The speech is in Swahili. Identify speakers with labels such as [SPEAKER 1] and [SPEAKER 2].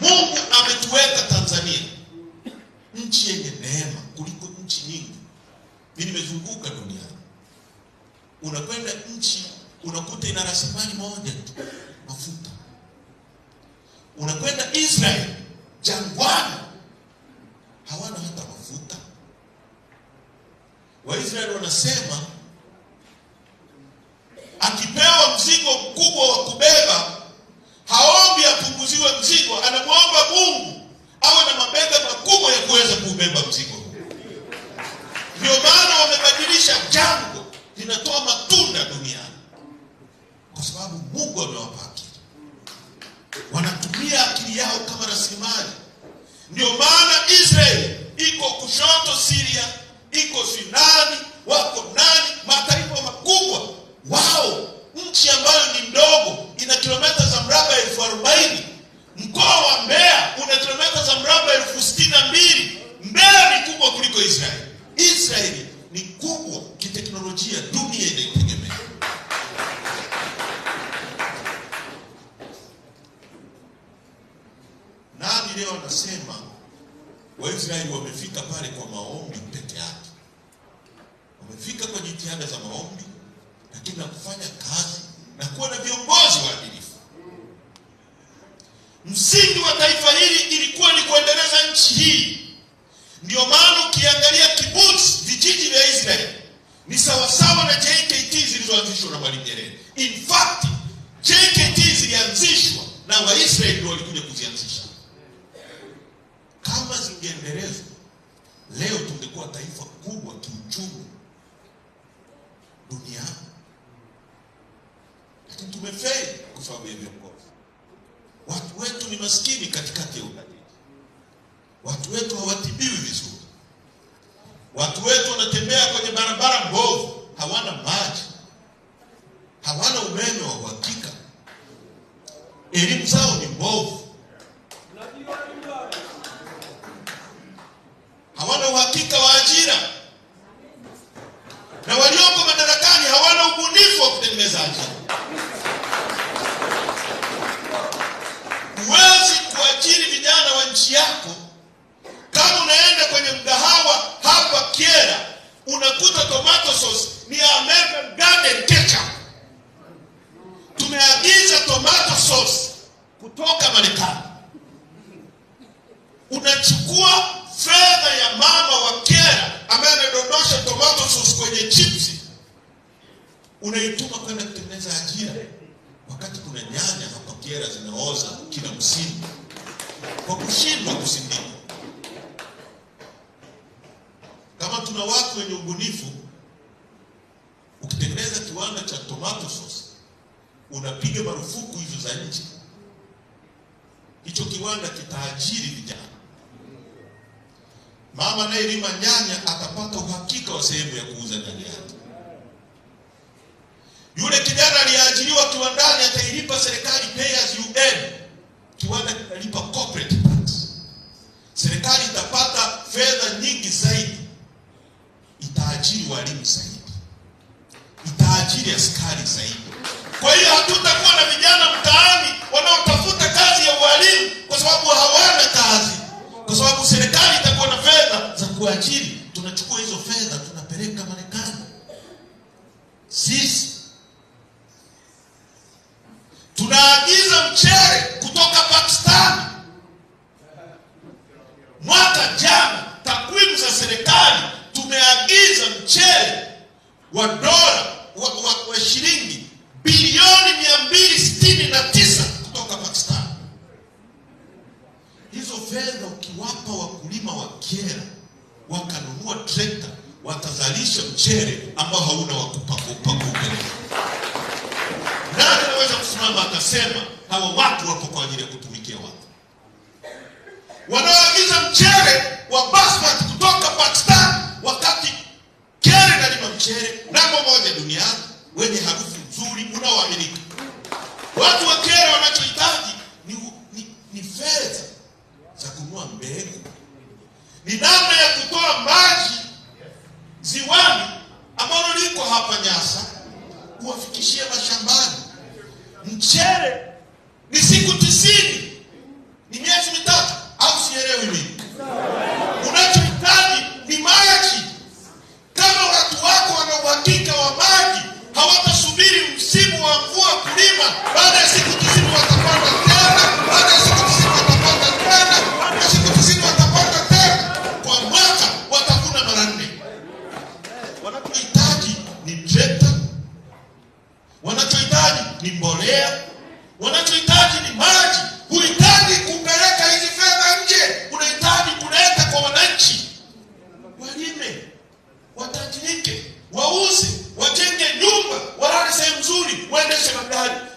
[SPEAKER 1] Mungu ametuweka Tanzania nchi yenye neema kuliko nchi nyingi. Mimi nimezunguka duniani, unakwenda nchi unakuta ina rasilimali moja tu, mafuta. Unakwenda Israel jangwani, hawana hata mafuta. Waisraeli wanasema kubeba mzigo Ndio maana wamebadilisha jango linatoa matunda duniani, kwa sababu Mungu amewapa akili, wanatumia akili yao kama rasilimali. Ndio maana Israeli ni kubwa kiteknolojia, dunia inaitegemea. Nani leo anasema Waisraeli wamefika pale kwa maombi peke yake? Wamefika kwa jitihada za maombi, lakini na kufanya kazi na kuwa na viongozi waadilifu. Msingi wa taifa hili ilikuwa ni kuendeleza nchi hii ndio maana ukiangalia kibuts vijiji vya Israel ni sawasawa na JKT zilizoanzishwa na Mwalimu Nyerere. In fact JKT zilianzishwa na Waisraeli ndio walikuja kuzianzisha. Kama zingeendelezwa leo, tungekuwa taifa kubwa kiuchumi duniani, lakini tumefeli kwa sababu ya viongozi. Watu wetu ni maskini katikati ya utajiri, watu wetu hawa Watu wetu wanatembea kwenye barabara mbovu, hawana maji, hawana umeme wa uhakika, elimu zao tumekuta tomato sauce ni American garden ketchup. Tumeagiza tomato sauce kutoka Marekani. Unachukua fedha ya mama wa kera ambaye anadondosha tomato sauce kwenye chipsi, unaituma kwenda kutengeneza ajira, wakati kuna nyanya hapa kera zinaoza kila msimu kwa kushindwa kusindika. tuna watu wenye ubunifu. Ukitengeneza kiwanda cha tomato sauce, unapiga marufuku hizo za nje, hicho kiwanda kitaajiri vijana. Mama anayelima nyanya atapata uhakika wa sehemu ya kuuza nyanya yake yule walimu zaidi, itaajiri askari zaidi. Kwa hiyo hatutakuwa na vijana mtaani wanaotafuta kazi ya ualimu kwa sababu hawana kazi, kwa sababu serikali itakuwa na fedha za kuajiri. Tunachukua hizo fedha tunapeleka Marekani. Sisi tunaagiza mchele kutoka Pakistan. Mwaka jana takwimu za serikali ameagiza mchele wa dola wa, wa, wa shilingi bilioni mia mbili sitini na tisa kutoka Pakistan. Hizo fedha ukiwapa wakulima wa Kyela wakanunua trekta, watazalisha mchele ambao hauna wakupakupakuupelea. Nani anaweza kusimama akasema hawa watu wako kwa ajili ya kutu watu wa Kera wanachohitaji ni, ni, ni fedha za kunua mbegu, ni namna ya kutoa maji ziwani ambalo liko hapa Nyasa kuwafikishia mashambani. mchere ni siku tisini. ni mbolea, wanachohitaji ni maji. Huhitaji kupeleka hizi fedha nje, unahitaji kuleta kwa wananchi, walime, watajirike, wauze, wajenge nyumba, walale sehemu nzuri, waendeshe magari.